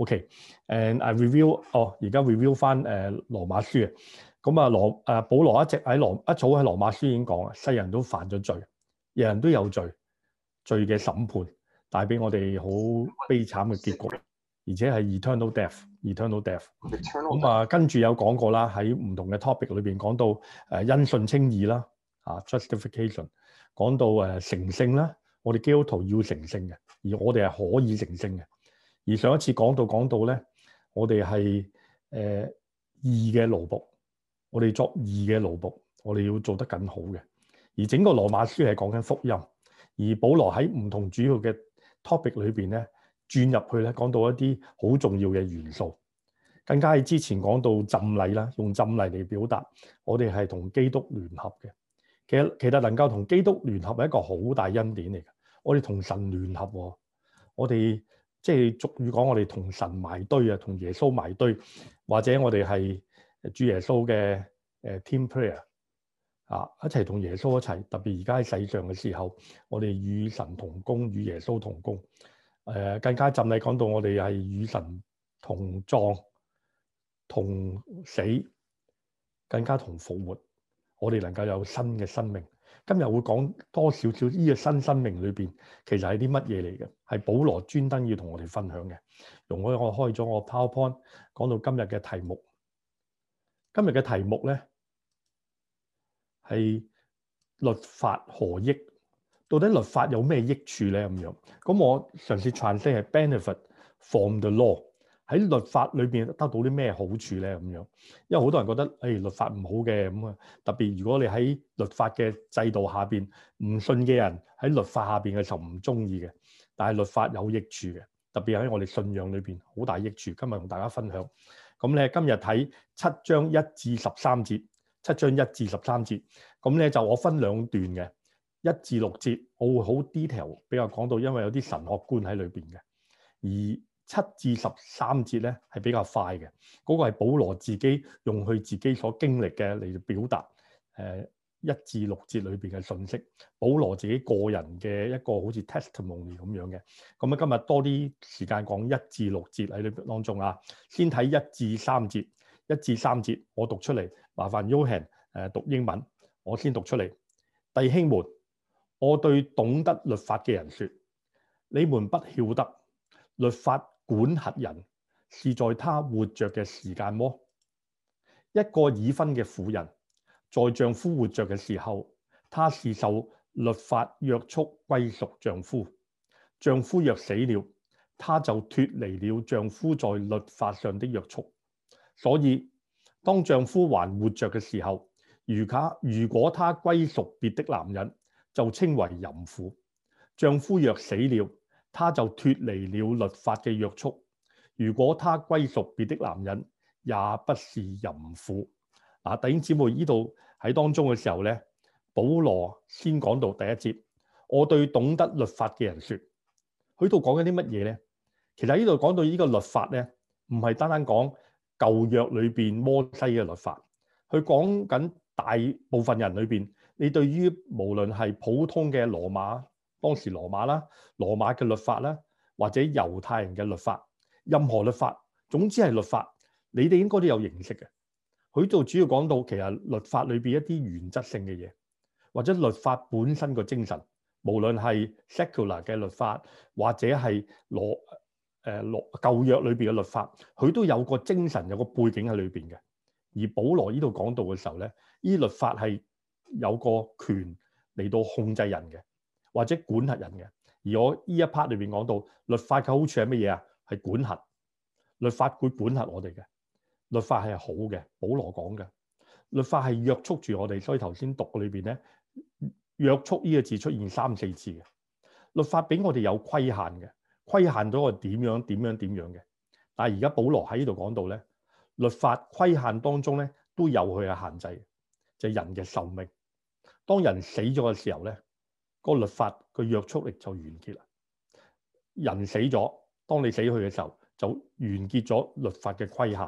O.K.，誒，review，哦，而家 review 翻誒羅馬書啊，咁啊羅誒保羅一直喺羅一早喺羅馬書已經講啊，世人都犯咗罪，人人都有罪，罪嘅審判帶俾我哋好悲慘嘅結局，而且係 eternal death, eternal death，eternal death。咁 Eternal death.、嗯嗯嗯、啊，跟住有講過啦，喺唔同嘅 topic 裏邊講到誒因信稱義啦，啊 justification，講到誒、呃、成聖啦、啊，我哋基督徒要成聖嘅，而我哋係可以成聖嘅。而上一次講到講到咧，我哋係誒義嘅奴僕，我哋作義嘅奴僕，我哋要做得更好嘅。而整個羅馬書係講緊福音，而保羅喺唔同主要嘅 topic 裏邊咧，轉入去咧講到一啲好重要嘅元素，更加係之前講到浸禮啦，用浸禮嚟表達我哋係同基督聯合嘅。其實其實能夠同基督聯合係一個好大恩典嚟嘅，我哋同神聯合喎、哦，我哋。即係俗語講，我哋同神埋堆啊，同耶穌埋堆，或者我哋係主耶穌嘅誒 team player 啊，一齊同耶穌一齊。特別而家喺世上嘅時候，我哋與神同工，與耶穌同工。誒、呃、更加浸禮講到我哋係與神同葬、同死，更加同復活，我哋能夠有新嘅生命。今日會講多少少呢個新生命裏邊，其實係啲乜嘢嚟嘅？係保羅專登要同我哋分享嘅。容許我開咗我 PowerPoint，講到今日嘅題目。今日嘅題目咧係律法何益？到底律法有咩益處咧？咁樣咁我嘗試翻譯係 benefit from the law。喺律法裏邊得到啲咩好處咧？咁樣，因為好多人覺得誒、哎、律法唔好嘅，咁啊，特別如果你喺律法嘅制度下邊唔信嘅人喺律法下邊嘅時候唔中意嘅，但係律法有益處嘅，特別喺我哋信仰裏邊好大益處。今日同大家分享，咁咧今日睇七章一至十三節，七章一至十三節，咁咧就我分兩段嘅，一至六節我會好 detail 比較講到，因為有啲神學觀喺裏邊嘅，而七至十三節咧係比較快嘅，嗰、那個係保羅自己用佢自己所經歷嘅嚟表達，誒、呃、一至六節裏邊嘅信息，保羅自己個人嘅一個好似 testimony 咁樣嘅。咁啊，今日多啲時間講一至六節喺裏面當中啊，先睇一至三節。一至三節我讀出嚟，麻煩 Yohan 誒讀英文，我先讀出嚟。弟兄們，我對懂得律法嘅人說，你們不曉得律法，管轄人是在他活着嘅時間麼？一個已婚嘅婦人在丈夫活着嘅時候，她是受律法約束歸屬丈夫。丈夫若死了，她就脱離了丈夫在律法上的約束。所以，當丈夫還活着嘅時候，如卡如果她歸屬別的男人，就稱為淫婦。丈夫若死了，他就脫離了律法嘅約束。如果他歸屬別的男人，也不是淫婦。嗱、啊，弟兄姊妹，呢度喺當中嘅時候咧，保羅先講到第一節。我對懂得律法嘅人說，佢度講緊啲乜嘢咧？其實呢度講到呢個律法咧，唔係單單講舊約裏邊摩西嘅律法，佢講緊大部分人裏邊，你對於無論係普通嘅羅馬。當時羅馬啦，羅馬嘅律法啦，或者猶太人嘅律法，任何律法，總之係律法，你哋應該都有認識嘅。佢就主要講到其實律法裏邊一啲原則性嘅嘢，或者律法本身個精神，無論係 secular 嘅律法，或者係羅誒羅、呃、舊約裏邊嘅律法，佢都有個精神，有個背景喺裏邊嘅。而保羅呢度講到嘅時候咧，呢律法係有個權嚟到控制人嘅。或者管轄人嘅，而我呢一 part 裏邊講到，律法嘅好處係乜嘢啊？係管轄，律法會管轄我哋嘅。律法係好嘅，保羅講嘅。律法係約束住我哋，所以頭先讀裏邊咧，約束呢個字出現三四次嘅。律法俾我哋有規限嘅，規限到我哋點樣點樣點樣嘅。但係而家保羅喺呢度講到咧，律法規限當中咧都有佢嘅限制，就係、是、人嘅壽命。當人死咗嘅時候咧，個律法嘅約束力就完結啦。人死咗，當你死去嘅時候就完結咗律法嘅規限。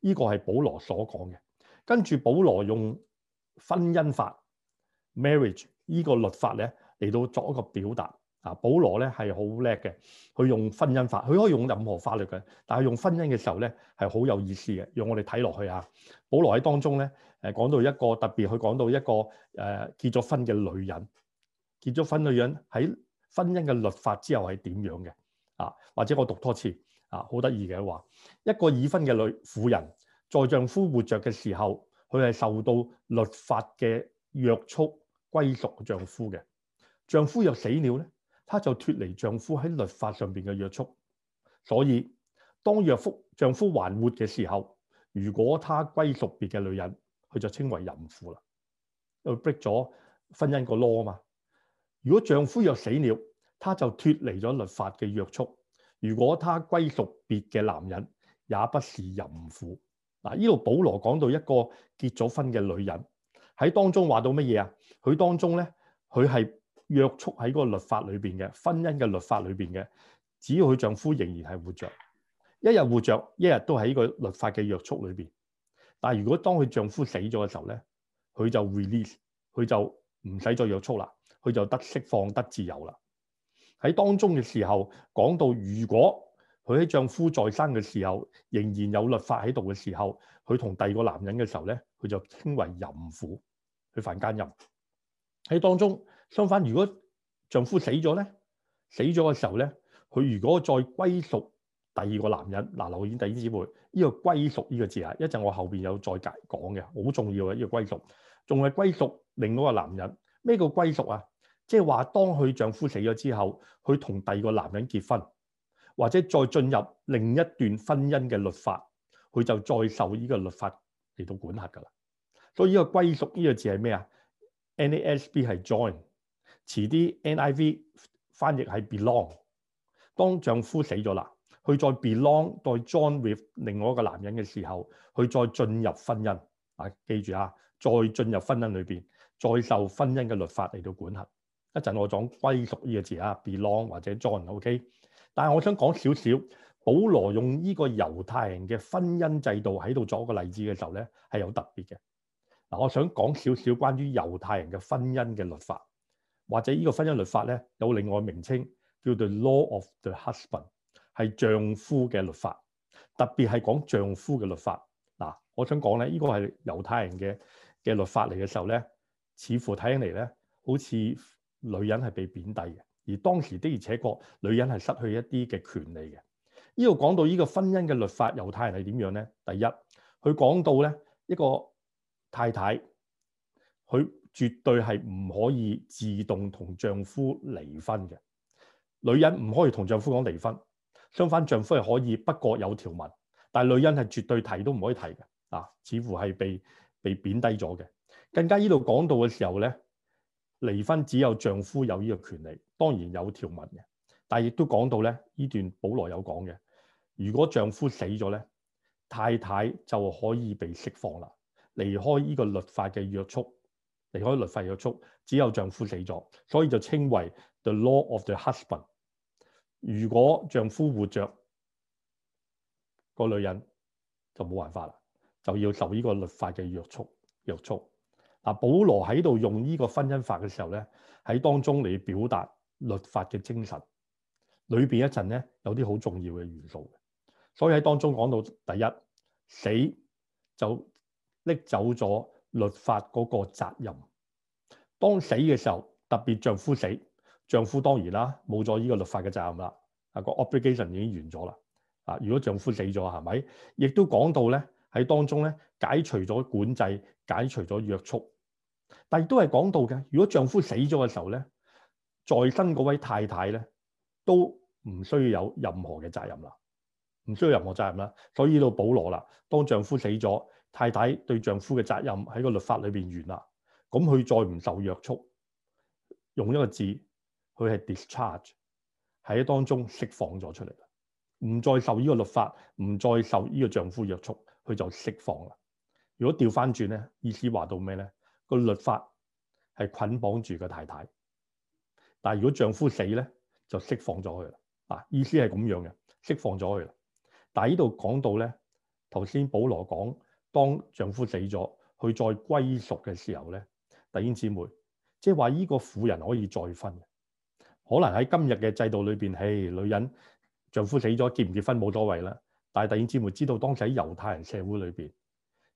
呢個係保羅所講嘅。跟住保羅用婚姻法 （marriage） 呢個律法咧嚟到作一個表達啊。保羅咧係好叻嘅，佢用婚姻法，佢可以用任何法律嘅，但係用婚姻嘅時候咧係好有意思嘅。讓我哋睇落去啊。保羅喺當中咧誒講到一個特別，佢講到一個誒結咗婚嘅女人。結咗婚女人喺婚姻嘅律法之後係點樣嘅啊？或者我讀多次啊，好得意嘅話，一個已婚嘅女婦人，在丈夫活着嘅時候，佢係受到律法嘅約束，歸屬丈夫嘅。丈夫若死了咧，佢就脫離丈夫喺律法上邊嘅約束。所以當岳父丈夫還活嘅時候，如果她歸屬別嘅女人，佢就稱為淫婦啦。佢 break 咗婚姻個 law 啊嘛～如果丈夫若死了，她就脫離咗律法嘅約束。如果她歸屬別嘅男人，也不是淫婦。嗱、啊，呢度保羅講到一個結咗婚嘅女人喺當中話到乜嘢啊？佢當中咧，佢係約束喺嗰個律法裏邊嘅，婚姻嘅律法裏邊嘅。只要佢丈夫仍然係活着，一日活着，一日都喺呢個律法嘅約束裏邊。但係如果當佢丈夫死咗嘅時候咧，佢就 release，佢就唔使再約束啦。佢就得釋放得自由啦。喺當中嘅時候講到，如果佢喺丈夫在生嘅時候，仍然有律法喺度嘅時候，佢同第二個男人嘅時候咧，佢就稱為淫婦，佢犯奸淫。喺當中相反，如果丈夫死咗咧，死咗嘅時候咧，佢如果再歸屬第二個男人，嗱、呃，留意弟兄姊妹呢個歸屬呢個字啊，一陣我後邊有再解講嘅，好重要嘅呢、呢個歸屬仲係歸屬另一個男人，咩叫歸屬啊？即係話，當佢丈夫死咗之後，佢同第二個男人結婚，或者再進入另一段婚姻嘅律法，佢就再受呢個律法嚟到管轄㗎啦。所以呢個歸屬呢個字係咩啊？NASB 係 join，遲啲 NIV 翻譯係 belong。當丈夫死咗啦，佢再 belong 再 join with 另外一個男人嘅時候，佢再進入婚姻。啊，記住啊，再進入婚姻裏邊，再受婚姻嘅律法嚟到管轄。一陣我講歸屬呢個字啊，belong 或者 join，OK、okay。但係我想講少少，保羅用呢個猶太人嘅婚姻制度喺度作一個例子嘅時候咧，係有特別嘅。嗱，我想講少少關於猶太人嘅婚姻嘅律法，或者呢個婚姻律法咧，有另外名稱叫做、the、law of the husband，係丈夫嘅律法，特別係講丈夫嘅律法。嗱，我想講咧，呢、呢個係猶太人嘅嘅律法嚟嘅時候咧，似乎睇起嚟咧，好似～女人係被貶低嘅，而當時的而且確，女人係失去一啲嘅權利嘅。呢度講到呢個婚姻嘅律法，猶太人係點樣咧？第一，佢講到咧一個太太，佢絕對係唔可以自動同丈夫離婚嘅。女人唔可以同丈夫講離婚，相反丈夫係可以，不過有條文，但係女人係絕對提都唔可以提嘅。啊，似乎係被被貶低咗嘅。更加呢度講到嘅時候咧。離婚只有丈夫有呢個權利，當然有條文嘅，但係亦都講到咧呢段保羅有講嘅。如果丈夫死咗咧，太太就可以被釋放啦，離開呢個律法嘅約束，離開律法約束。只有丈夫死咗，所以就稱為 the law of the husband。如果丈夫活着，個女人就冇辦法啦，就要受呢個律法嘅約束約束。約束嗱，保羅喺度用呢個婚姻法嘅時候咧，喺當中嚟表達律法嘅精神，裏邊一陣咧有啲好重要嘅元素。所以喺當中講到第一，死就拎走咗律法嗰個責任。當死嘅時候，特別丈夫死，丈夫當然啦，冇咗呢個律法嘅責任啦，啊個 obligation 已經完咗啦。啊，如果丈夫死咗，係咪？亦都講到咧，喺當中咧解除咗管制，解除咗約束。但亦都係講到嘅，如果丈夫死咗嘅時候咧，在生嗰位太太咧都唔需要有任何嘅責任啦，唔需要任何責任啦。所以呢度保羅啦，當丈夫死咗，太太對丈夫嘅責任喺個律法裏邊完啦，咁佢再唔受約束，用一個字，佢係 discharge 喺當中釋放咗出嚟啦，唔再受呢個律法，唔再受呢個丈夫約束，佢就釋放啦。如果調翻轉咧，意思話到咩咧？個律法係捆綁住個太太，但係如果丈夫死咧，就釋放咗佢啦。啊，意思係咁樣嘅，釋放咗佢啦。但係呢度講到咧，頭先保羅講，當丈夫死咗，佢再歸屬嘅時候咧，弟兄姊妹，即係話呢個婦人可以再婚。可能喺今日嘅制度裏邊，唉，女人丈夫死咗結唔結婚冇所謂啦。但係弟兄姊妹知道當時喺猶太人社會裏邊。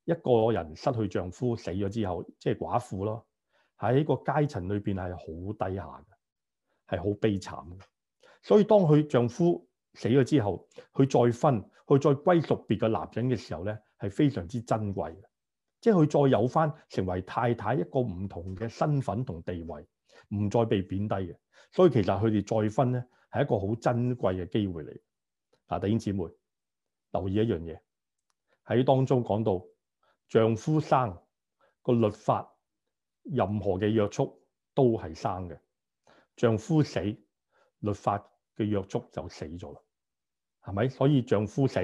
一個人失去丈夫死咗之後，即係寡婦咯，喺個階層裏邊係好低下嘅，係好悲慘嘅。所以當佢丈夫死咗之後，佢再婚，佢再歸屬別嘅男人嘅時候咧，係非常之珍貴嘅，即係佢再有返成為太太一個唔同嘅身份同地位，唔再被貶低嘅。所以其實佢哋再婚咧係一個好珍貴嘅機會嚟。嗱，弟兄姊妹留意一樣嘢喺當中講到。丈夫生個律法，任何嘅約束都係生嘅。丈夫死，律法嘅約束就死咗啦，係咪？所以丈夫死，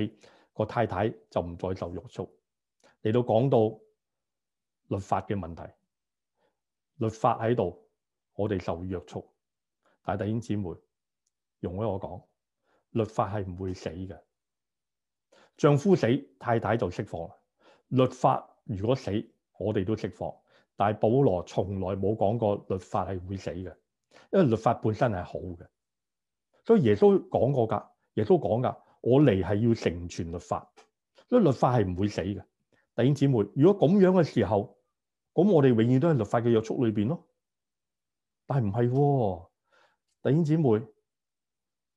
個太太就唔再受約束。嚟到講到律法嘅問題，律法喺度，我哋受約束。大弟兄姊妹，容許我講，律法係唔會死嘅。丈夫死，太太就釋放。律法如果死，我哋都釋放。但係保羅從來冇講過律法係會死嘅，因為律法本身係好嘅。所以耶穌講過㗎，耶穌講㗎，我嚟係要成全律法，所以律法係唔會死嘅。弟兄姊妹，如果咁樣嘅時候，咁我哋永遠都係律法嘅約束裏邊咯。但係唔係，弟兄姊妹，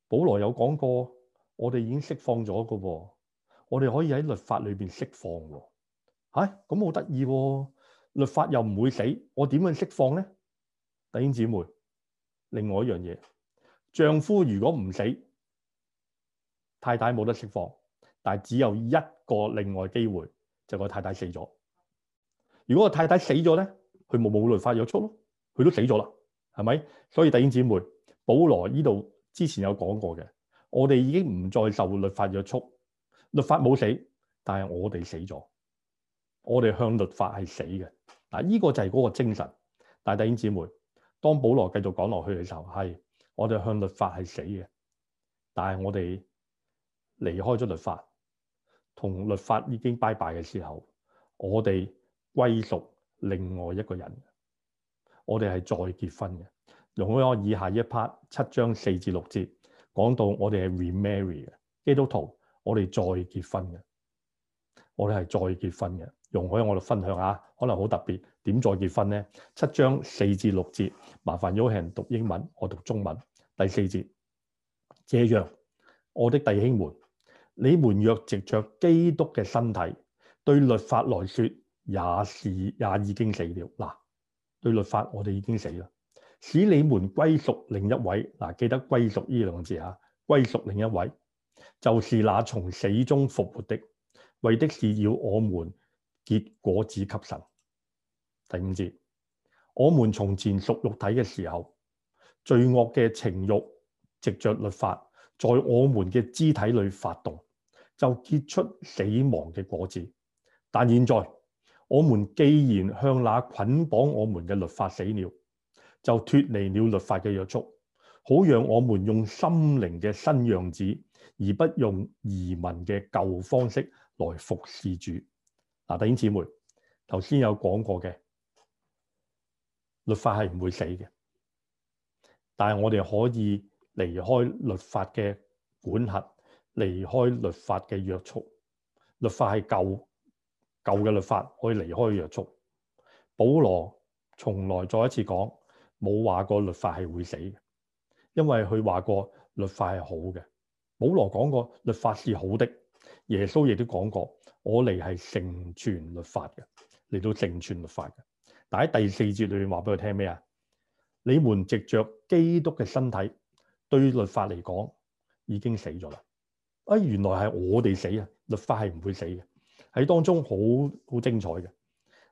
保羅有講過，我哋已經釋放咗㗎，哦，我哋可以喺律法裏邊釋放。啊，咁好得意喎！律法又唔會死，我點樣釋放呢？弟兄姊妹，另外一樣嘢，丈夫如果唔死，太太冇得釋放，但係只有一個另外機會，就個、是、太太死咗。如果個太太死咗呢，佢冇冇律法約束咯，佢都死咗啦，係咪？所以弟兄姊妹，保羅呢度之前有講過嘅，我哋已經唔再受律法約束，律法冇死，但係我哋死咗。我哋向律法係死嘅，嗱、這、呢個就係嗰個精神。大弟兄姊妹，當保羅繼續講落去嘅時候，係我哋向律法係死嘅，但係我哋離開咗律法，同律法已經拜拜嘅時候，我哋歸屬另外一個人，我哋係再結婚嘅。容許我以下一 part 七章四至六節講到我，我哋係 remarry 嘅基督徒，我哋再結婚嘅。我哋係再結婚嘅，容許我哋分享下，可能好特別。點再結婚咧？七章四至六節，麻煩有人 h 讀英文，我讀中文。第四節，這樣，我的弟兄們，你們若藉着，着基督嘅身體，對律法來說也是也已經死了。嗱，對律法，我哋已經死了，使你們歸屬另一位。嗱，記得歸屬呢兩個字嚇，歸、啊、屬另一位，就是那從死中復活的。為的是要我們結果子給神。第五節，我們從前屬肉體嘅時候，罪惡嘅情欲藉着律法，在我們嘅肢體裏發動，就結出死亡嘅果子。但現在我們既然向那捆綁我們嘅律法死了，就脱離了律法嘅約束，好讓我們用心靈嘅新樣子，而不用儀文嘅舊方式。來服侍主嗱，弟兄姊妹，頭先有講過嘅律法係唔會死嘅，但係我哋可以離開律法嘅管轄，離開律法嘅約束。律法係舊，舊嘅律法可以離開約束。保羅從來再一次講，冇話過律法係會死嘅，因為佢話過律法係好嘅。保羅講過律法是好的。耶穌亦都講過，我嚟係成全律法嘅，嚟到成全律法嘅。但喺第四節裏面話俾我聽咩啊？你們藉着基督嘅身體，對律法嚟講已經死咗啦。啊、哎，原來係我哋死啊，律法係唔會死嘅。喺當中好好精彩嘅。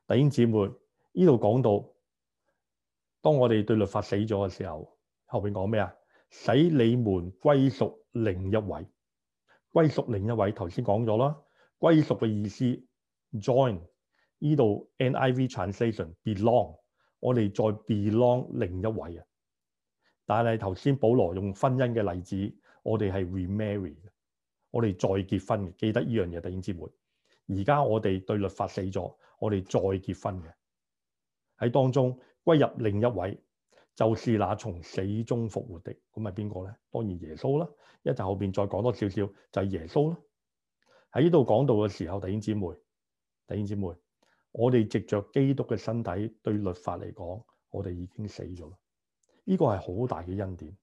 弟兄姊妹，呢度講到，當我哋對律法死咗嘅時候，後邊講咩啊？使你們歸屬另一位。歸屬另一位，頭先講咗啦。歸屬嘅意思，join 呢度 N I V translation belong，我哋再 belong 另一位啊。但係頭先保羅用婚姻嘅例子，我哋係 remarry，我哋再結婚嘅。記得呢樣嘢，弟兄姊妹。而家我哋對律法死咗，我哋再結婚嘅，喺當中歸入另一位。就是那從死中復活的，咁係邊個咧？當然耶穌啦。一陣後邊再講多少少，就係耶穌啦。喺呢度講到嘅時候，弟兄姊妹，弟兄姊妹，我哋藉着基督嘅身體對律法嚟講，我哋已經死咗啦。呢個係好大嘅恩典。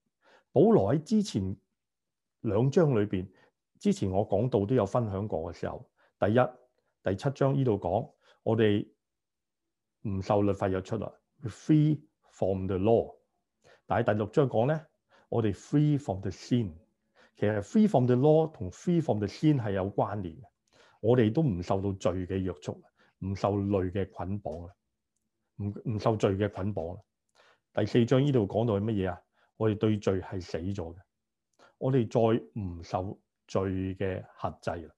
保羅喺之前兩章裏邊，之前我講到都有分享過嘅時候，第一、第七章呢度講，我哋唔受律法約束啦，free。from the law，但係第六章講咧，我哋 free from the sin。其實 free from the law 同 free from the sin 係有關聯嘅。我哋都唔受到罪嘅約束，唔受累嘅捆綁啦，唔唔受罪嘅捆綁。第四章呢度講到係乜嘢啊？我哋對罪係死咗嘅，我哋再唔受罪嘅轄制啦。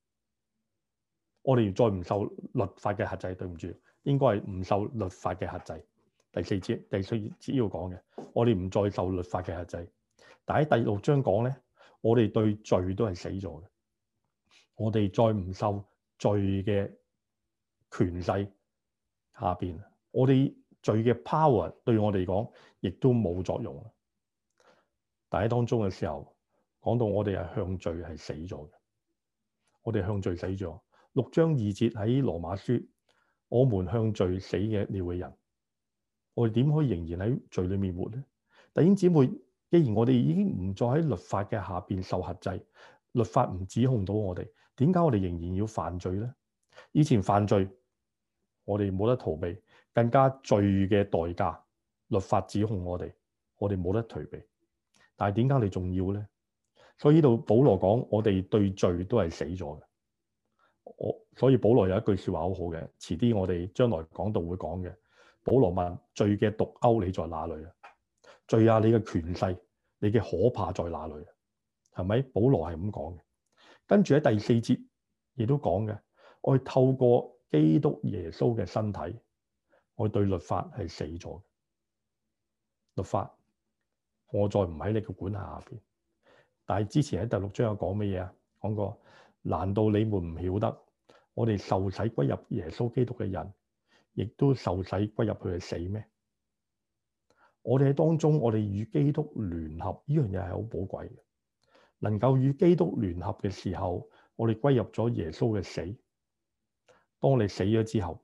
我哋再唔受律法嘅轄制，對唔住，應該係唔受律法嘅轄制。第四節，第四節要講嘅，我哋唔再受律法嘅限制。但喺第六章講咧，我哋對罪都係死咗嘅。我哋再唔受罪嘅權勢下邊，我哋罪嘅 power 對我哋嚟講亦都冇作用。但喺當中嘅時候講到我，我哋係向罪係死咗嘅。我哋向罪死咗。六章二節喺羅馬書，我們向罪死嘅了嘅人。我哋點可以仍然喺罪裏面活咧？弟兄姊妹，既然我哋已經唔再喺律法嘅下邊受限制，律法唔指控到我哋，點解我哋仍然要犯罪咧？以前犯罪，我哋冇得逃避，更加罪嘅代價，律法指控我哋，我哋冇得逃避。但係點解你仲要咧？所以呢度保羅講，我哋對罪都係死咗嘅。我所以保羅有一句説話好好嘅，遲啲我哋將來講道會講嘅。保羅問，罪嘅毒鈎你在哪裡啊？罪啊你！你嘅權勢，你嘅可怕在哪裡啊？係咪？保羅係咁講嘅。跟住喺第四節亦都講嘅，我透過基督耶穌嘅身體，我對律法係死咗。律法，我再唔喺你嘅管下邊。但係之前喺第六章有講乜嘢啊？講過，難道你們唔曉得我哋受洗歸入耶穌基督嘅人？亦都受使歸入去嘅死咩？我哋喺當中，我哋與基督聯合呢樣嘢係好寶貴嘅。能夠與基督聯合嘅時候，我哋歸入咗耶穌嘅死。當你死咗之後，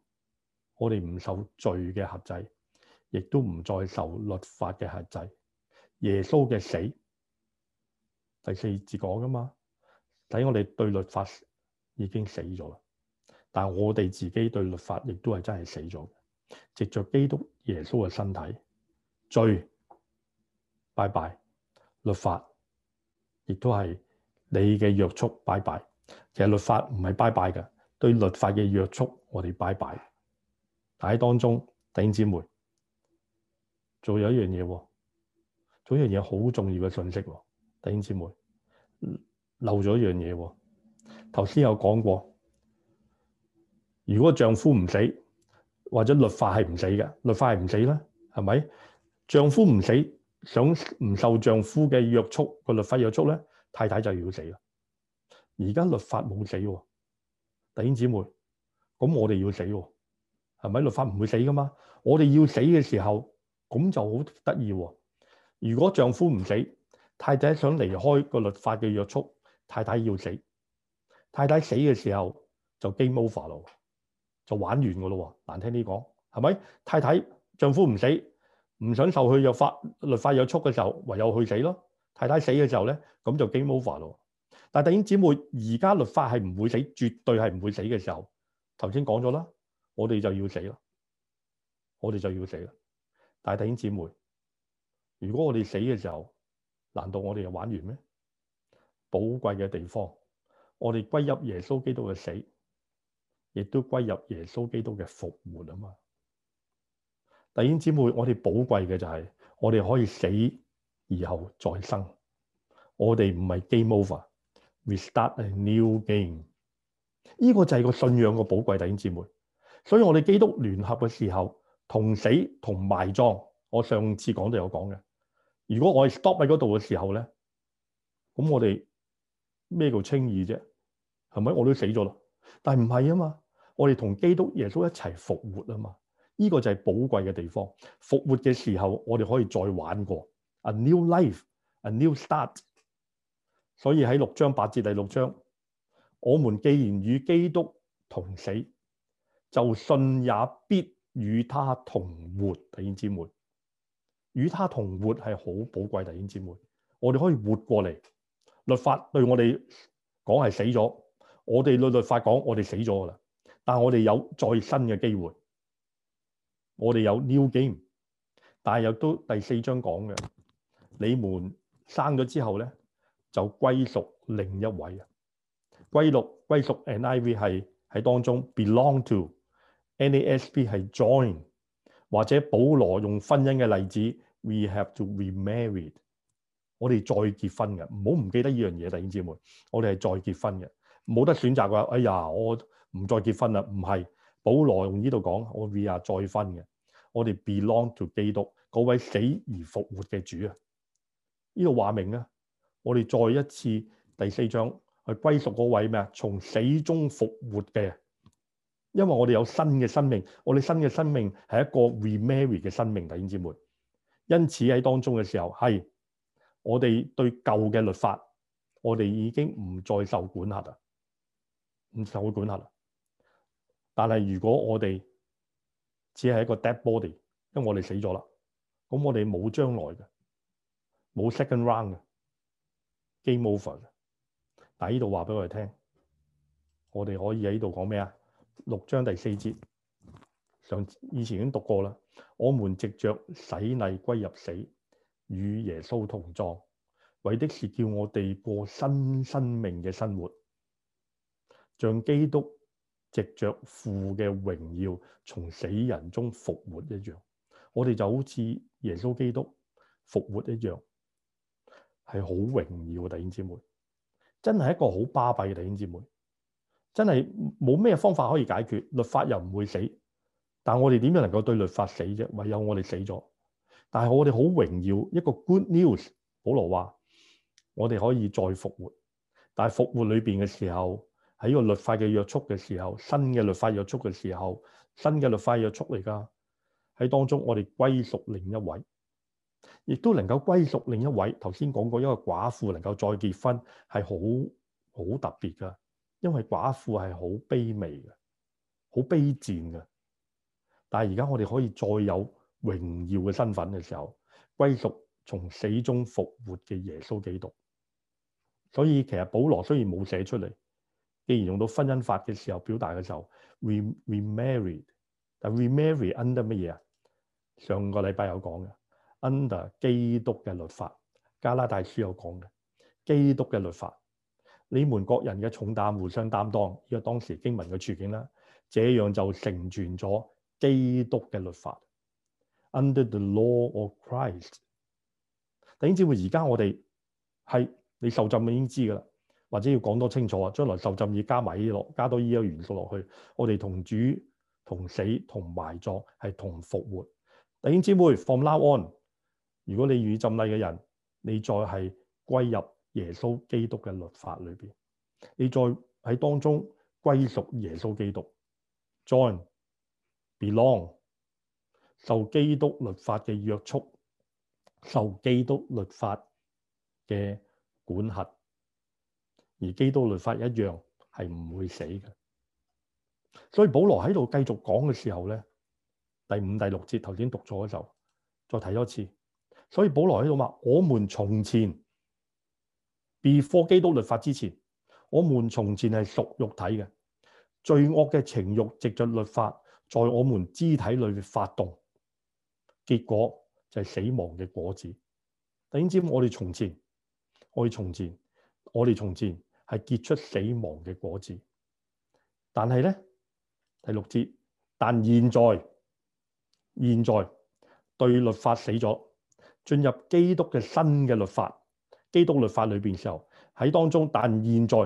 我哋唔受罪嘅轄制，亦都唔再受律法嘅轄制。耶穌嘅死，第四節講噶嘛，睇我哋對律法已經死咗啦。但我哋自己對律法亦都係真係死咗嘅，藉着基督耶穌嘅身體，罪拜拜，律法亦都係你嘅約束拜拜。其實律法唔係拜拜嘅，對律法嘅約束我哋拜拜。但係當中，弟兄姊妹做咗一樣嘢，做一樣嘢好重要嘅信息，弟兄姊妹漏咗一樣嘢。頭先有講過。如果丈夫唔死，或者律法係唔死嘅，律法係唔死啦，係咪？丈夫唔死，想唔受丈夫嘅約束，個律法約束咧，太太就要死啦。而家律法冇死喎、啊，弟兄姊妹，咁我哋要死喎、啊，係咪？律法唔會死㗎嘛，我哋要死嘅時候，咁就好得意喎。如果丈夫唔死，太太想離開個律法嘅約束，太太要死，太太死嘅時候就 game over 咯。就玩完噶咯，難聽啲講，係咪？太太丈夫唔死，唔想受佢約法，律法約束嘅時候，唯有去死咯。太太死嘅時候咧，咁就 game over 咯。但弟兄姊妹，而家律法係唔會死，絕對係唔會死嘅時候，頭先講咗啦，我哋就要死啦，我哋就要死啦。但弟兄姊妹，如果我哋死嘅時候，難道我哋又玩完咩？寶貴嘅地方，我哋歸入耶穌基督嘅死。亦都歸入耶穌基督嘅復活啊！嘛，弟兄姊妹，我哋寶貴嘅就係、是、我哋可以死而後再生，我哋唔係 game over, we start a new game，呢、這個就係個信仰嘅寶貴，弟兄姊妹。所以我哋基督聯合嘅時候，同死同埋葬。我上次講就有講嘅，如果我哋 stop 喺嗰度嘅時候咧，咁我哋咩叫稱義啫？係咪我都死咗啦？但唔係啊嘛，我哋同基督耶穌一齊復活啊嘛，呢個就係寶貴嘅地方。復活嘅時候，我哋可以再玩過，a new life，a new start。所以喺六章八至第六章，我們既然與基督同死，就信也必與他同活。弟兄姊妹，與他同活係好寶貴。弟兄姊妹，我哋可以活過嚟。律法對我哋講係死咗。我哋律律法講，我哋死咗噶啦，但係我哋有再生嘅機會，我哋有 new game。但係又都第四章講嘅，你們生咗之後咧，就歸屬另一位啊。歸屬歸屬，NIV 係喺當中 belong to，NASB 係 join，或者保羅用婚姻嘅例子，we have to remarry。我哋再結婚嘅，唔好唔記得呢樣嘢，弟兄姊妹，我哋係再結婚嘅。冇得選擇㗎！哎呀，我唔再結婚啦。唔係，保羅用呢度講，我哋啊再婚嘅。我哋 belong to 基督嗰位死而復活嘅主啊！呢度話明啊，我哋再一次第四章去歸屬嗰位咩啊？從死中復活嘅。因為我哋有新嘅生命，我哋新嘅生命係一個 remarry 嘅生命，弟兄姊妹。因此喺當中嘅時候係我哋對舊嘅律法，我哋已經唔再受管轄啦！唔受管轄，但係如果我哋只係一個 dead body，因為我哋死咗啦，咁我哋冇將來嘅，冇 second round 嘅，game over 嘅。但係呢度話俾我哋聽，我哋可以喺度講咩啊？六章第四節，上以前已經讀過啦。我們藉着洗禮歸入死，與耶穌同葬，為的是叫我哋過新生命嘅生活。像基督藉着父嘅榮耀從死人中復活一樣，我哋就好似耶穌基督復活一樣，係好榮耀嘅弟兄姊妹。真係一個好巴閉嘅弟兄姊妹，真係冇咩方法可以解決律法又唔會死，但我哋點樣能夠對律法死啫？唯有我哋死咗，但係我哋好榮耀一個 good news。保羅話我哋可以再復活，但係復活裏邊嘅時候。喺呢個律法嘅約束嘅時候，新嘅律法約束嘅時候，新嘅律法約束嚟㗎。喺當中，我哋歸屬另一位，亦都能夠歸屬另一位。頭先講過，一個寡婦能夠再結婚係好好特別㗎，因為寡婦係好卑微嘅，好卑賤嘅。但係而家我哋可以再有榮耀嘅身份嘅時候，歸屬從死中復活嘅耶穌基督。所以其實保羅雖然冇寫出嚟。既然用到婚姻法嘅時候表達嘅時候 remarried，但 remarry under 乜嘢啊？上個禮拜有講嘅，under 基督嘅律法，加拉太書有講嘅，基督嘅律法，你們各人嘅重擔互相擔當，呢、這個當時經文嘅處境啦，這樣就成全咗基督嘅律法，under the law of Christ。但只會而家我哋係你受浸已經知噶啦。或者要講多清楚啊！將來受浸已加埋依落，加多依個元素落去，我哋同主同死同埋葬，係同復活。弟兄姊妹，from now on，如果你與浸禮嘅人，你再係歸入耶穌基督嘅律法裏邊，你再喺當中歸屬耶穌基督，join belong，受基督律法嘅約束，受基督律法嘅管轄。而基督律法一樣係唔會死嘅，所以保羅喺度繼續講嘅時候咧，第五、第六節頭先讀咗就再睇多次。所以保羅喺度話：我們從前 before 基督律法之前，我們從前係屬肉體嘅，罪惡嘅情慾藉着律法，在我們肢體裏面發動，結果就係死亡嘅果子。但係你知我哋從前，我哋從前，我哋從前。係結出死亡嘅果子，但係咧第六節，但現在現在對律法死咗，進入基督嘅新嘅律法，基督律法裏邊嘅時候喺當中，但現在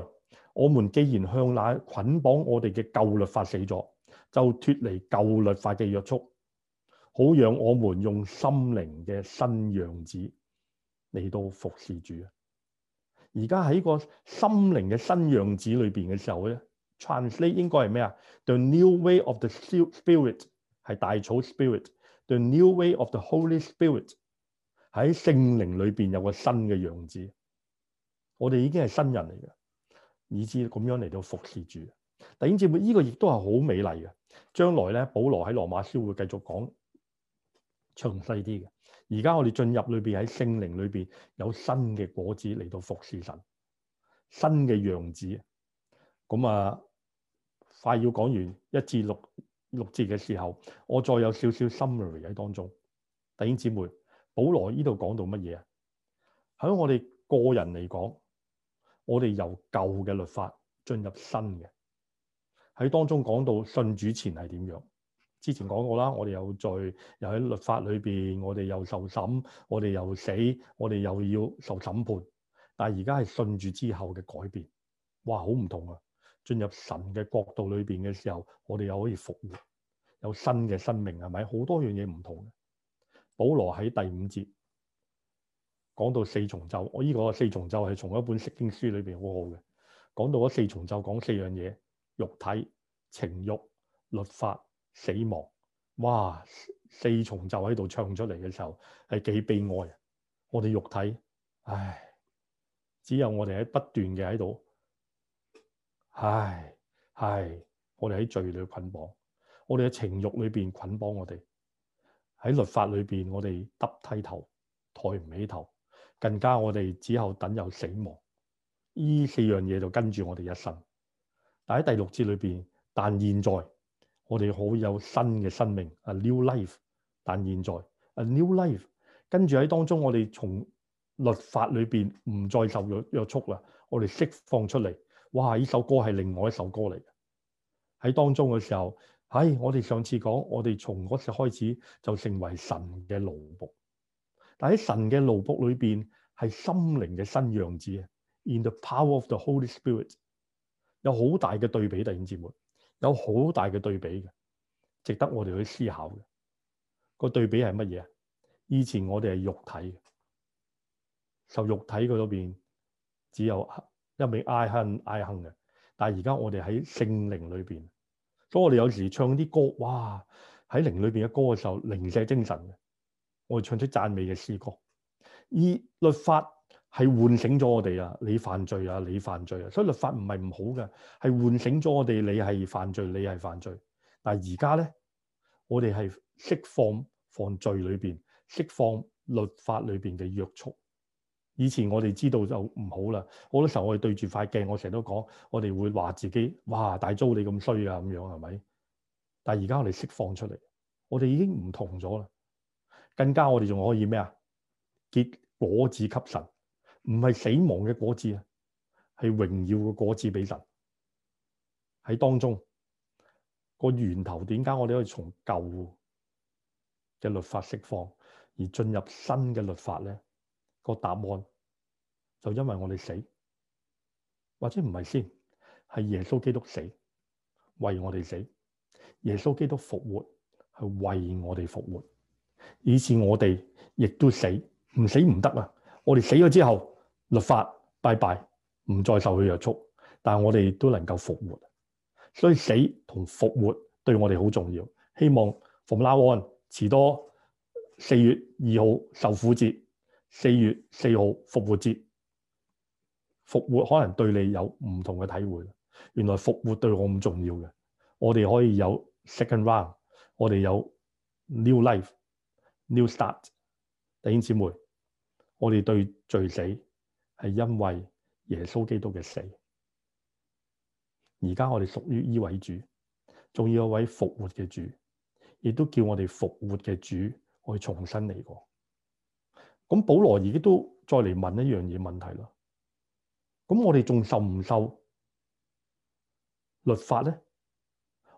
我們既然向那捆綁我哋嘅舊律法死咗，就脫離舊律法嘅約束，好讓我們用心靈嘅新樣子嚟到服侍主。啊！而家喺個心靈嘅新樣子裏邊嘅時候咧，translate 應該係咩啊？The new way of the spirit 係大草 spirit，the new way of the Holy Spirit 喺聖靈裏邊有個新嘅樣子。我哋已經係新人嚟嘅，以至咁樣嚟到服侍主。弟兄姊妹，依、這個亦都係好美麗嘅。將來咧，保羅喺羅馬書會繼續講詳細啲嘅。而家我哋進入裏邊，喺聖靈裏邊有新嘅果子嚟到服侍神，新嘅樣子。咁啊，快要講完一至六六節嘅時候，我再有少少 summary 喺當中。弟兄姊妹，保羅呢度講到乜嘢啊？喺我哋個人嚟講，我哋由舊嘅律法進入新嘅，喺當中講到信主前係點樣？之前講過啦，我哋有罪又喺律法裏邊，我哋又受審，我哋又死，我哋又要受審判。但係而家係順住之後嘅改變，哇！好唔同啊！進入神嘅國度裏邊嘅時候，我哋又可以復活，有新嘅生命，係咪好多樣嘢唔同？保羅喺第五節講到四重奏，我呢個四重奏係從一本釋經書裏邊講嘅，講到四重奏，這個、四重奏講，四重奏講四樣嘢：肉體、情欲、律法。死亡，哇！四重奏喺度唱出嚟嘅時候，係幾悲哀啊！我哋肉體，唉，只有我哋喺不斷嘅喺度，唉唉，我哋喺罪裏捆綁，我哋喺情欲裏邊捆綁，我哋喺律法裏邊，我哋耷低頭抬唔起頭，更加我哋只有等有死亡。呢四樣嘢就跟住我哋一生。但喺第六節裏邊，但現在。我哋好有新嘅生命啊，new life！但現在啊，new life，跟住喺當中，我哋從律法裏邊唔再受約約束啦，我哋釋放出嚟。哇！呢首歌係另外一首歌嚟嘅。喺當中嘅時候，唉、哎，我哋上次講，我哋從嗰時開始就成為神嘅奴僕。但喺神嘅奴僕裏邊，係心靈嘅新樣子啊。In the power of the Holy Spirit，有好大嘅對比，弟兄姊妹。有好大嘅對比嘅，值得我哋去思考嘅。個對比係乜嘢啊？以前我哋係肉體嘅，受肉體佢嗰邊只有一味愛恨愛恨嘅。但係而家我哋喺聖靈裏邊，所以我哋有時唱啲歌，哇！喺靈裏邊嘅歌嘅時候，靈舍精神嘅，我哋唱出讚美嘅詩歌，而律法，係喚醒咗我哋啊！你犯罪啊！你犯罪啊！所以律法唔係唔好嘅，係喚醒咗我哋。你係犯罪，你係犯罪。但係而家咧，我哋係釋放犯罪裏邊、釋放律法裏邊嘅約束。以前我哋知道就唔好啦。好多時候我哋對住塊鏡，我成日都講，我哋會話自己：，哇！大租你咁衰啊！咁樣係咪？但係而家我哋釋放出嚟，我哋已經唔同咗啦。更加我哋仲可以咩啊？結果指吸神。唔係死亡嘅果子啊，係榮耀嘅果子俾神喺當中。個源頭點解我哋可以從舊嘅律法釋放而進入新嘅律法咧？個答案就因為我哋死，或者唔係先，係耶穌基督死為我哋死，耶穌基督復活係為我哋復活，以至我哋亦都死，唔死唔得啊！我哋死咗之後。律法拜拜唔再受佢約束，但我哋都能夠復活，所以死同復活對我哋好重要。希望伏拉安、遲多四月二號受苦節，四月四號復活節復活，可能對你有唔同嘅體會。原來復活對我咁重要嘅，我哋可以有 second round，o d 我哋有 new life、new start。弟兄姊妹，我哋對罪死。係因為耶穌基督嘅死，而家我哋屬於依位主，仲要一位復活嘅主，亦都叫我哋復活嘅主我哋重新嚟過。咁保羅而家都再嚟問一樣嘢問題咯。咁我哋仲受唔受律法咧？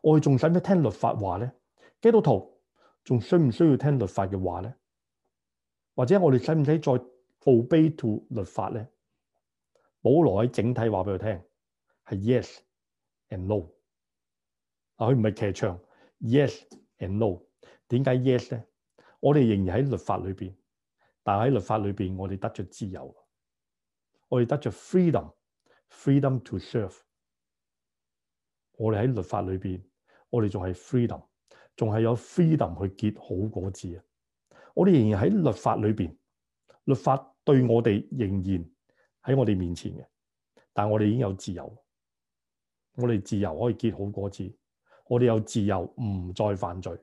我哋仲使唔使聽律法話咧？基督徒仲需唔需要聽律法嘅話咧？或者我哋使唔使再？obey to 律法咧，保羅喺整體話俾佢聽係 yes and no 啊，佢唔係騎牆 yes and no。點解 yes 咧？我哋仍然喺律法裏邊，但喺律法裏邊我哋得着自由，我哋得着 freedom，freedom to serve。我哋喺律法裏邊，我哋仲係 freedom，仲係有 freedom 去結好果子啊！我哋仍然喺律法裏邊。律法對我哋仍然喺我哋面前嘅，但我哋已經有自由，我哋自由可以結好果子，我哋有自由唔再犯罪，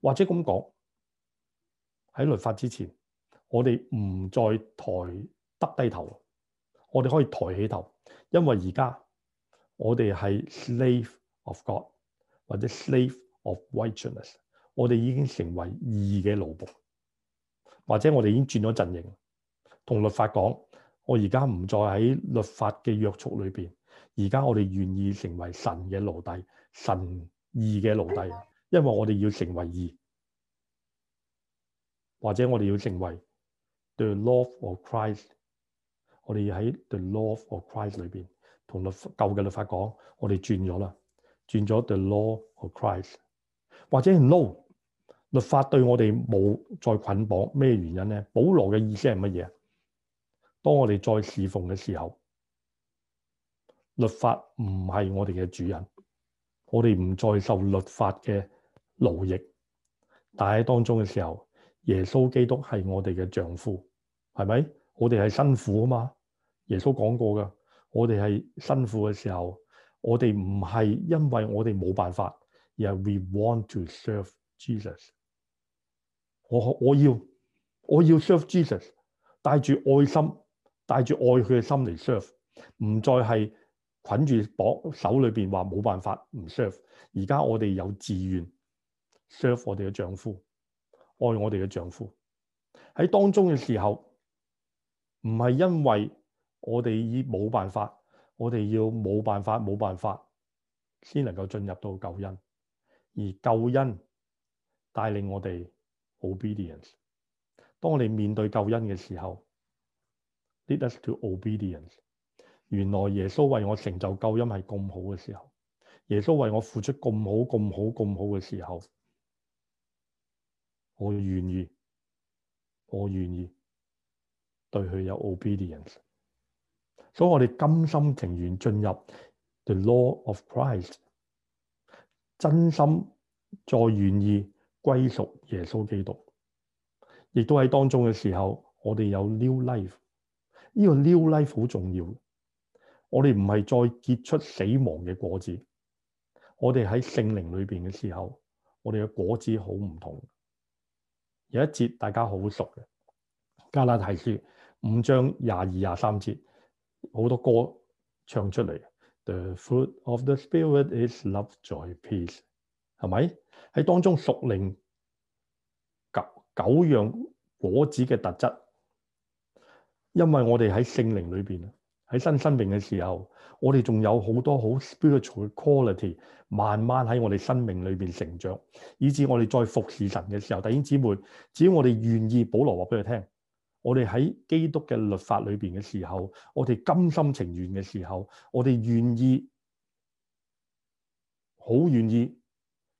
或者咁講喺律法之前，我哋唔再抬耷低，低頭，我哋可以抬起頭，因為而家我哋係 slave of God 或者 slave of righteousness，我哋已經成為義嘅奴僕。或者我哋已經轉咗陣營，同律法講，我而家唔再喺律法嘅約束裏邊，而家我哋願意成為神嘅奴隸，神義嘅奴隸，因為我哋要成為義，或者我哋要成為 the law of Christ，我哋要喺 the law of Christ 裏邊，同律舊嘅律法講，我哋轉咗啦，轉咗 the law of Christ，或者 no。律法對我哋冇再捆綁，咩原因咧？保羅嘅意思係乜嘢？當我哋再侍奉嘅時候，律法唔係我哋嘅主人，我哋唔再受律法嘅奴役。但喺當中嘅時候，耶穌基督係我哋嘅丈夫，係咪？我哋係辛苦啊嘛。耶穌講過噶，我哋係辛苦嘅時候，我哋唔係因為我哋冇辦法，而係 we want to serve Jesus。我我要我要 serve Jesus，帶住愛心，帶住愛佢嘅心嚟 serve，唔再係捆住綁手裏面話冇辦法唔 serve。而家我哋有自願 serve 我哋嘅丈夫，愛我哋嘅丈夫。喺當中嘅時候，唔係因為我哋已冇辦法，我哋要冇辦法冇辦法先能夠進入到救恩，而救恩帶領我哋。Obedience。當我哋面對救恩嘅時候，lead us to obedience。原來耶穌為我成就救恩係咁好嘅時候，耶穌為我付出咁好、咁好、咁好嘅時候，我願意，我願意對佢有 obedience。所以我哋甘心情願進入 the law of Christ，真心再願意。歸屬耶穌基督，亦都喺當中嘅時候，我哋有 new life。呢個 new life 好重要，我哋唔係再結出死亡嘅果子，我哋喺聖靈裏邊嘅時候，我哋嘅果子好唔同。有一節大家好熟嘅，加拉太書五章廿二廿三節，好多歌唱出嚟。The fruit of the Spirit is love, joy, peace。係咪喺當中屬靈九九樣果子嘅特質？因為我哋喺聖靈裏邊，喺新生命嘅時候，我哋仲有好多好 spiritual quality，慢慢喺我哋生命裏邊成長，以至我哋再服侍神嘅時候，弟兄姊妹，只要我哋願意，保羅話俾佢聽，我哋喺基督嘅律法裏邊嘅時候，我哋甘心情願嘅時候，我哋願意，好願意。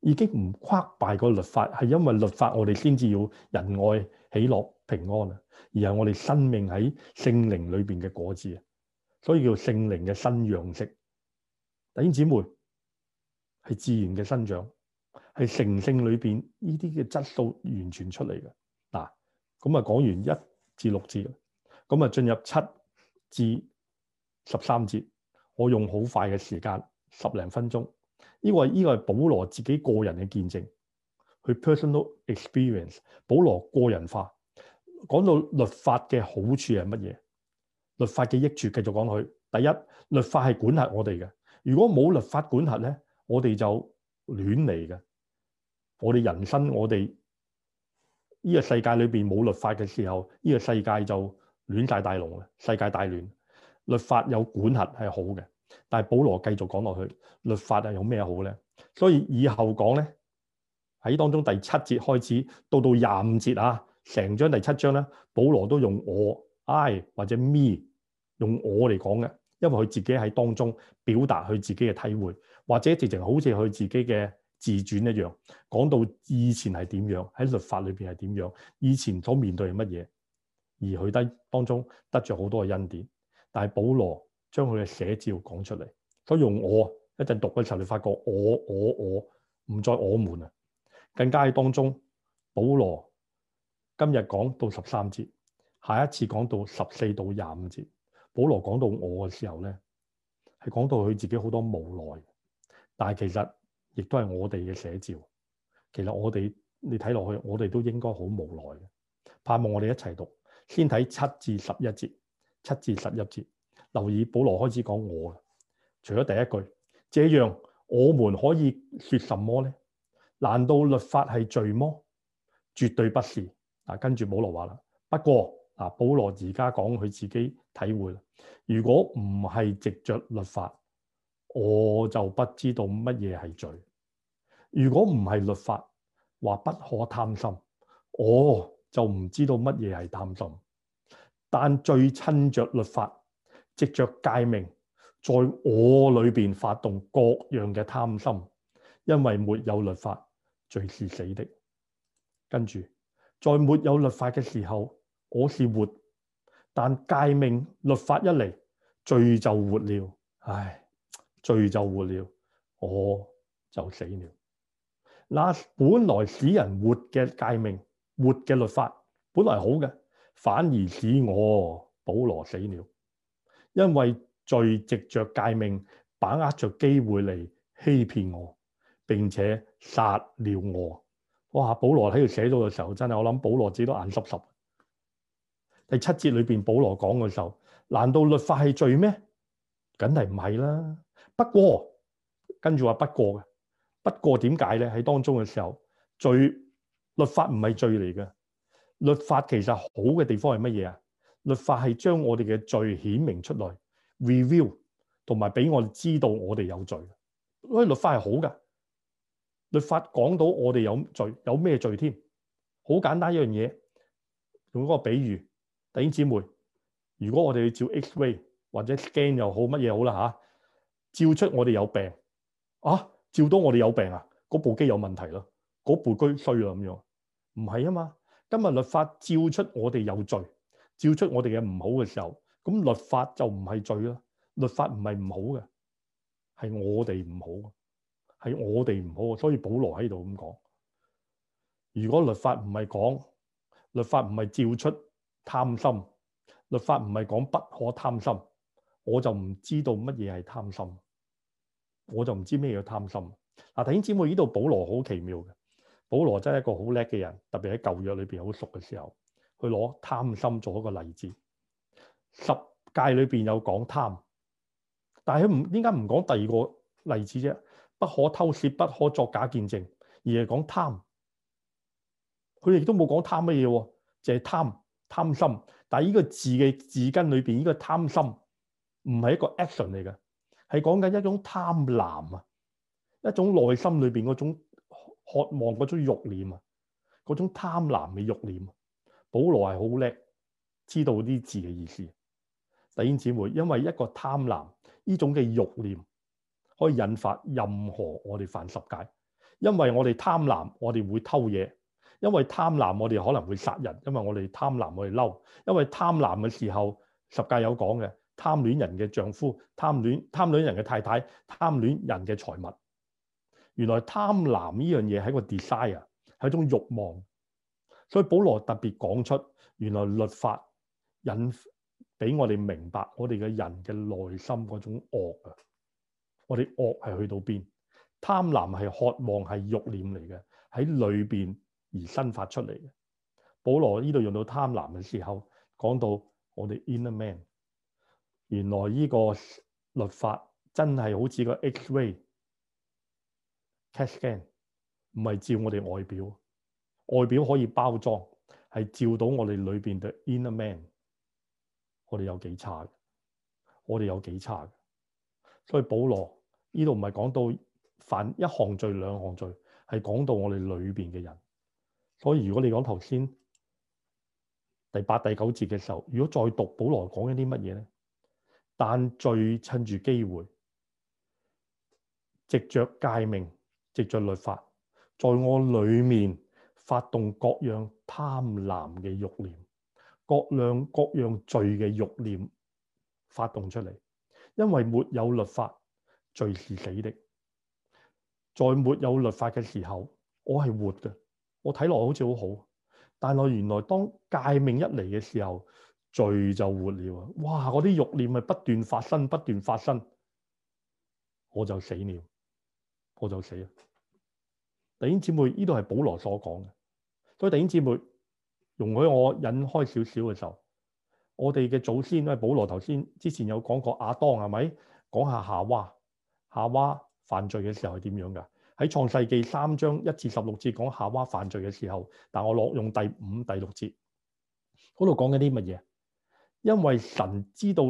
已經唔誇敗個律法，係因為律法我哋先至要仁愛、喜樂、平安啊，而係我哋生命喺聖靈裏邊嘅果子啊，所以叫聖靈嘅新樣式。弟兄姊妹，係自然嘅生長，係成聖裏邊呢啲嘅質素完全出嚟嘅。嗱，咁啊，講完一至六節，咁啊進入七至十三節，我用好快嘅時間，十零分鐘。呢個係呢個係保羅自己個人嘅見證，去 personal experience。保羅個人化講到律法嘅好處係乜嘢？律法嘅益處繼續講落去。第一，律法係管轄我哋嘅。如果冇律法管轄咧，我哋就亂嚟嘅。我哋人生、我哋呢個世界裏邊冇律法嘅時候，呢個世界就亂晒大龍啦，世界大亂。律法有管轄係好嘅。但係保羅繼續講落去，律法係有咩好咧？所以以後講咧，喺當中第七節開始到到廿五節啊，成章第七章咧，保羅都用我 I 或者 me 用我嚟講嘅，因為佢自己喺當中表達佢自己嘅體會，或者直情好似佢自己嘅自傳一樣，講到以前係點樣，喺律法裏邊係點樣，以前所面對係乜嘢，而佢喺當中得著好多嘅恩典，但係保羅。將佢嘅寫照講出嚟，所以用我一陣讀嘅時候，你發覺我、我、我唔再我們啊，更加喺當中。保羅今日講到十三節，下一次講到十四到廿五節。保羅講到我嘅時候咧，係講到佢自己好多無奈，但係其實亦都係我哋嘅寫照。其實我哋你睇落去，我哋都應該好無奈嘅。盼望我哋一齊讀，先睇七至十一節，七至十一節。留意保羅開始講我，除咗第一句，這樣我們可以說什麼呢？難道律法係罪麼？絕對不是嗱。跟住保羅話啦，不過嗱，保羅而家講佢自己體會啦。如果唔係藉着律法，我就不知道乜嘢係罪。如果唔係律法話不可貪心，我就唔知道乜嘢係貪心。但最親着律法。藉着誡命，在我裏邊發動各樣嘅貪心，因為沒有律法，罪是死的。跟住，在沒有律法嘅時候，我是活；但誡命律法一嚟，罪就活了。唉，罪就活了，我就死了。那本來使人活嘅誡命、活嘅律法，本來好嘅，反而使我保羅死了。因為罪藉着誡命，把握著機會嚟欺騙我，並且殺了我。哇！保羅喺度寫到嘅時候，真係我諗保羅自己都眼濕濕。第七節裏面保羅講嘅時候，難道律法係罪咩？梗係唔係啦。不過跟住話不過嘅，不過點解咧？喺當中嘅時候，罪律法唔係罪嚟嘅。律法其實好嘅地方係乜嘢啊？律法係將我哋嘅罪顯明出來，review 同埋俾我哋知道我哋有罪。因為律法係好噶，律法講到我哋有罪，有咩罪添？好簡單一樣嘢，用嗰個比喻，弟兄姊妹，如果我哋照 X-ray 或者 scan 又好，乜嘢好啦吓，照出我哋有病啊，照到我哋有病啊，嗰部機有問題咯，嗰部機衰啦咁樣，唔係啊嘛，今日律法照出我哋有罪。照出我哋嘅唔好嘅時候，咁律法就唔係罪咯。律法唔係唔好嘅，係我哋唔好，係我哋唔好。所以保羅喺度咁講，如果律法唔係講，律法唔係照出貪心，律法唔係講不可貪心，我就唔知道乜嘢係貪心，我就唔知咩叫貪心。嗱、啊，弟兄姊妹，呢度保羅好奇妙嘅，保羅真係一個好叻嘅人，特別喺舊約裏邊好熟嘅時候。佢攞貪心做一個例子，十戒裏邊有講貪，但係佢唔點解唔講第二個例子啫？不可偷竊，不可作假見證，而係講貪。佢亦都冇講貪乜嘢，淨係貪貪心。但係呢個字嘅字根裏邊，呢個貪心唔係一個 action 嚟嘅，係講緊一種貪婪啊，一種內心裏邊嗰種渴望嗰種慾念啊，嗰種貪婪嘅慾念。保羅係好叻，知道啲字嘅意思。弟兄姊妹，因為一個貪婪呢種嘅欲念，可以引發任何我哋犯十戒。因為我哋貪婪，我哋會偷嘢；因為貪婪，我哋可能會殺人。因為我哋貪婪，我哋嬲。因為貪婪嘅時候，十戒有講嘅：貪戀人嘅丈夫，貪戀貪戀人嘅太太，貪戀人嘅財物。原來貪婪呢樣嘢係一個 desire，係一種欲望。所以保羅特別講出，原來律法引俾我哋明白我的的，我哋嘅人嘅內心嗰種惡啊，我哋惡係去到邊？貪婪係渴望係欲念嚟嘅，喺裏邊而生發出嚟嘅。保羅呢度用到貪婪嘅時候，講到我哋 inner man，原來呢個律法真係好似個 X ray，cash scan，唔係照我哋外表。外表可以包裝，係照到我哋裏邊嘅 inner man，我哋有幾差嘅，我哋有幾差嘅。所以保羅呢度唔係講到犯一項罪兩項罪，係講到我哋裏邊嘅人。所以如果你講頭先第八第九節嘅時候，如果再讀保羅講緊啲乜嘢咧，但罪趁住機會藉着誡命藉着律法在我裏面。發動各樣貪婪嘅欲念，各樣各樣罪嘅欲念發動出嚟，因為沒有律法，罪是死的。在沒有律法嘅時候，我係活嘅，我睇落，好似好好，但係原來當誡命一嚟嘅時候，罪就活了。哇！嗰啲欲念係不斷發生，不斷發生，我就死了，我就死了。弟兄姊妹，呢度係保羅所講嘅。所以弟兄姊妹，容許我引開少少嘅時候，我哋嘅祖先都係。保羅頭先之前有講過亞當係咪？講下夏娃，夏娃犯罪嘅時候係點樣㗎？喺創世記三章一至十六節講夏娃犯罪嘅時候，但我落用第五、第六節嗰度講緊啲乜嘢？因為神知道，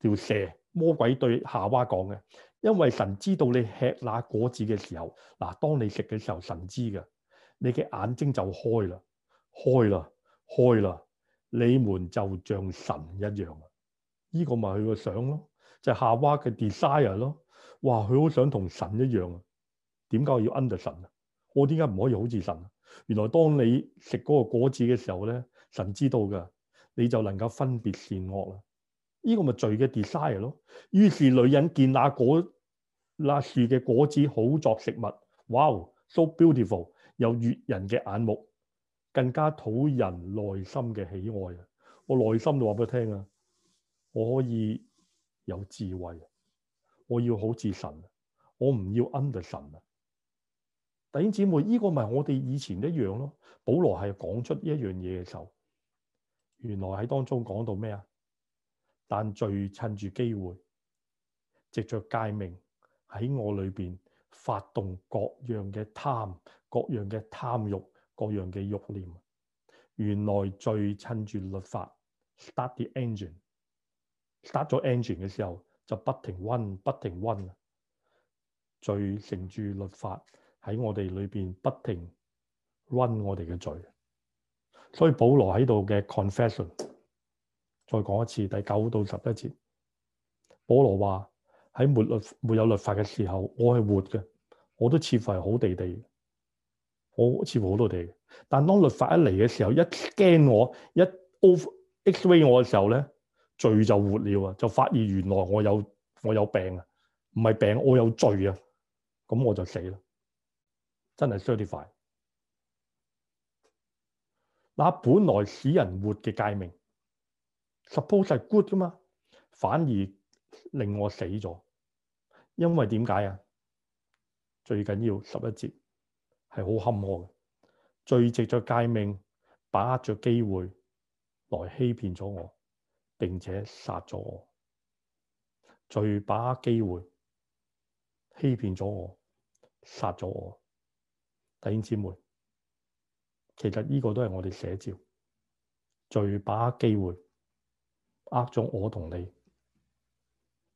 條蛇魔鬼對夏娃講嘅，因為神知道你吃那果子嘅時候，嗱，當你食嘅時候，神知嘅。你嘅眼睛就開啦，開啦，開啦，你們就像神一樣啊！呢個咪佢個相咯，就係夏娃嘅 desire 咯。哇，佢好想同神一樣啊！點解我要 under 神啊？我點解唔可以好似神啊？原來當你食嗰個果子嘅時候咧，神知道㗎，你就能夠分別善惡啦。呢個咪罪嘅 desire 咯。於是女人見那果那樹嘅果子好作食物，哇，so beautiful！有悅人嘅眼目，更加討人內心嘅喜愛啊！我內心就話俾佢聽啊，我可以有智慧，我要好似神，我唔要 under 神啊！弟兄姊妹，呢、這個咪我哋以前一樣咯。保羅係講出一樣嘢嘅時候，原來喺當中講到咩啊？但罪趁住機會，藉着誡命喺我裏邊發動各樣嘅貪。各樣嘅貪欲，各樣嘅慾念，原來罪趁住律法 start the engine，Start 咗 engine 嘅時候就不停 run 不停 run 啊！罪乘住律法喺我哋裏邊不停 run 我哋嘅罪，所以保羅喺度嘅 confession 再講一次，第九到十一節，保羅話喺沒律沒有律法嘅時候，我係活嘅，我都似乎係好地地。我似乎好多地，但當律法一嚟嘅時候，一 scan 我一 X-ray 我嘅時候咧，罪就活了啊！就發現原來我有我有病啊，唔係病，我有罪啊，咁我就死啦！真係 certify 嗱，本來使人活嘅界命 suppose 係 good 啫嘛，反而令我死咗，因為點解啊？最緊要十一節。係好坎坷嘅，罪藉著誡命，把握著機會來欺騙咗我，並且殺咗我；罪把握機會欺騙咗我，殺咗我。弟兄姊妹，其實呢個都係我哋寫照。罪把握機會，呃咗我同你，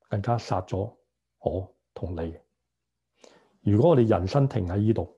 更加殺咗我同你。如果我哋人生停喺呢度。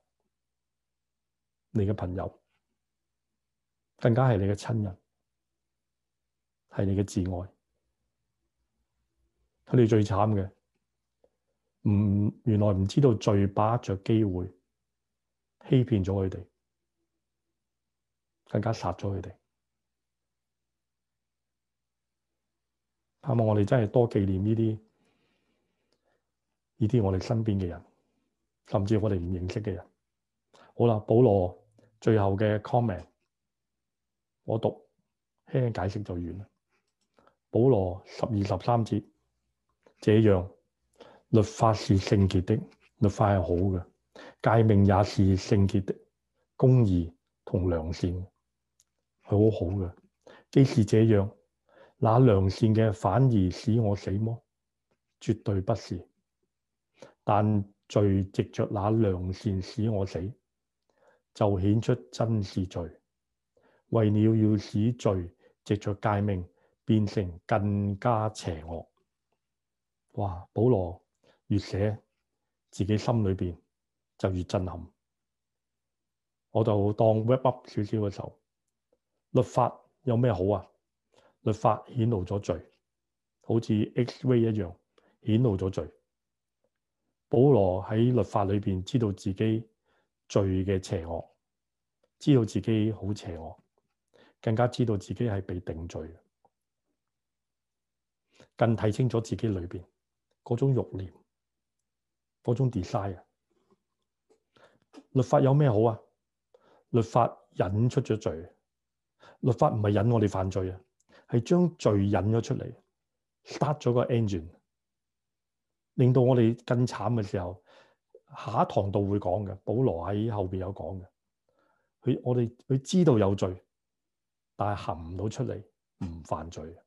你嘅朋友，更加係你嘅親人，係你嘅摯愛。佢哋最慘嘅，原來唔知道最把握著機會欺騙咗佢哋，更加殺咗佢哋。希望我哋真係多紀念呢啲，呢啲我哋身邊嘅人，甚至我哋唔認識嘅人。好啦，保羅。最後嘅 comment，我讀輕輕解釋就完啦。保羅十二十三節，這樣律法是聖潔的，律法係好嘅，誡命也是聖潔的，公義同良善係好好嘅。既是這樣，那良善嘅反而使我死麼？絕對不是。但罪藉着那良善使我死。就顯出真是罪，為了要使罪藉着戒命變成更加邪惡。哇！保羅越寫，自己心裏邊就越震撼。我就當 wrap up 少少嘅時候，律法有咩好啊？律法顯露咗罪，好似 X-ray 一樣顯露咗罪。保羅喺律法裏邊知道自己罪嘅邪惡，知道自己好邪惡，更加知道自己係被定罪嘅，更睇清楚自己裏邊嗰種慾念、嗰種 desire。律法有咩好啊？律法引出咗罪，律法唔係引我哋犯罪啊，係將罪引咗出嚟，start 咗個 engine，令到我哋更慘嘅時候。下一堂道會講嘅，保羅喺後邊有講嘅。佢我哋佢知道有罪，但係行唔到出嚟，唔犯罪嘅。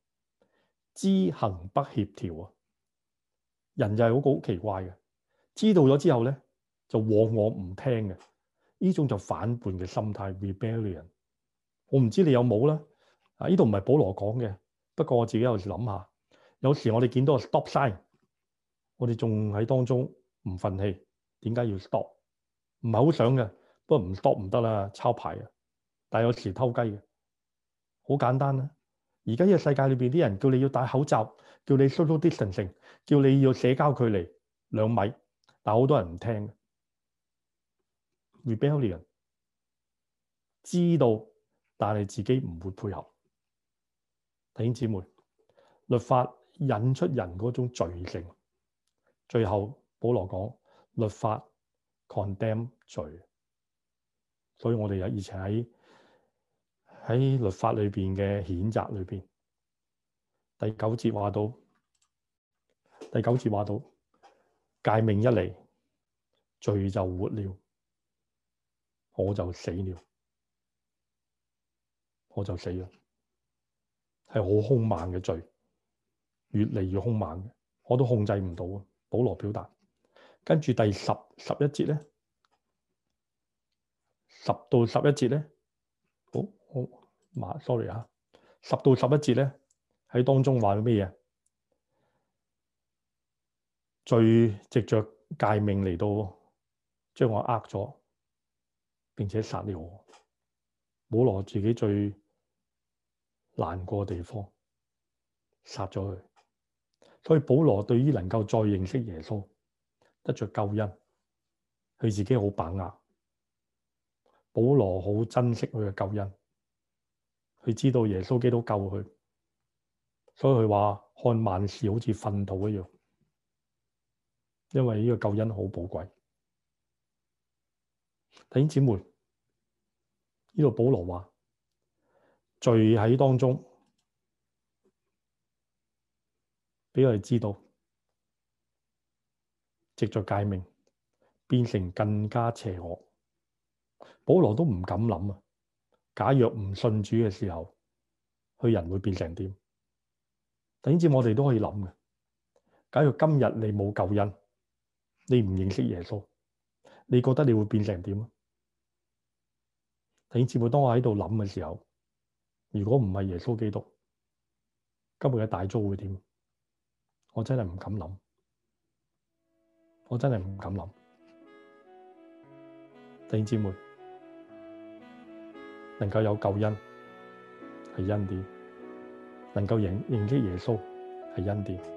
知行不協調啊！人就係好好奇怪嘅。知道咗之後咧，就往往唔聽嘅。呢種就反叛嘅心態 （rebellion）。Rebellion, 我唔知你有冇啦。啊，呢度唔係保羅講嘅，不過我自己有時諗下，有時我哋見到個 stop sign，我哋仲喺當中唔忿氣。點解要 stop？唔係好想嘅，不過唔 stop 唔得啦，抄牌啊！但係有時偷雞嘅，好簡單啦，啊。而家呢個世界裏邊啲人叫你要戴口罩，叫你 social distancing，叫你要社交距離兩米，但好多人唔聽，rebellion，知道，但係自己唔會配合。弟兄姊妹，律法引出人嗰種罪性，最後保羅講。律法 condemn 罪，所以我哋有以前喺喺律法裏邊嘅譴責裏邊，第九節話到，第九節話到，誡命一嚟，罪就活了，我就死了，我就死了，係好兇猛嘅罪，越嚟越兇猛嘅，我都控制唔到啊！保羅表達。跟住第十十一節咧，十到十一節咧，好好嘛，sorry 啊，十到十一節咧喺當中話咗咩嘢？最直着誡命嚟到將我呃咗，並且殺了我。保羅自己最難過嘅地方殺咗佢，所以保羅對於能夠再認識耶穌。得着救恩，佢自己好把握。保羅好珍惜佢嘅救恩，佢知道耶穌基督救佢，所以佢話看萬事好似糞土一樣，因為呢個救恩好寶貴。弟兄姊妹，呢度保羅話聚喺當中，畀我哋知道。藉著誡命，變成更加邪惡。保羅都唔敢諗啊！假若唔信主嘅時候，佢人會變成點？甚至我哋都可以諗嘅。假如今日你冇救恩，你唔認識耶穌，你覺得你會變成點？甚至乎當我喺度諗嘅時候，如果唔係耶穌基督，今日嘅大遭會點？我真係唔敢諗。我真係唔敢諗，弟兄姊妹能夠有救恩，係恩典，能夠認認識耶穌，係恩典。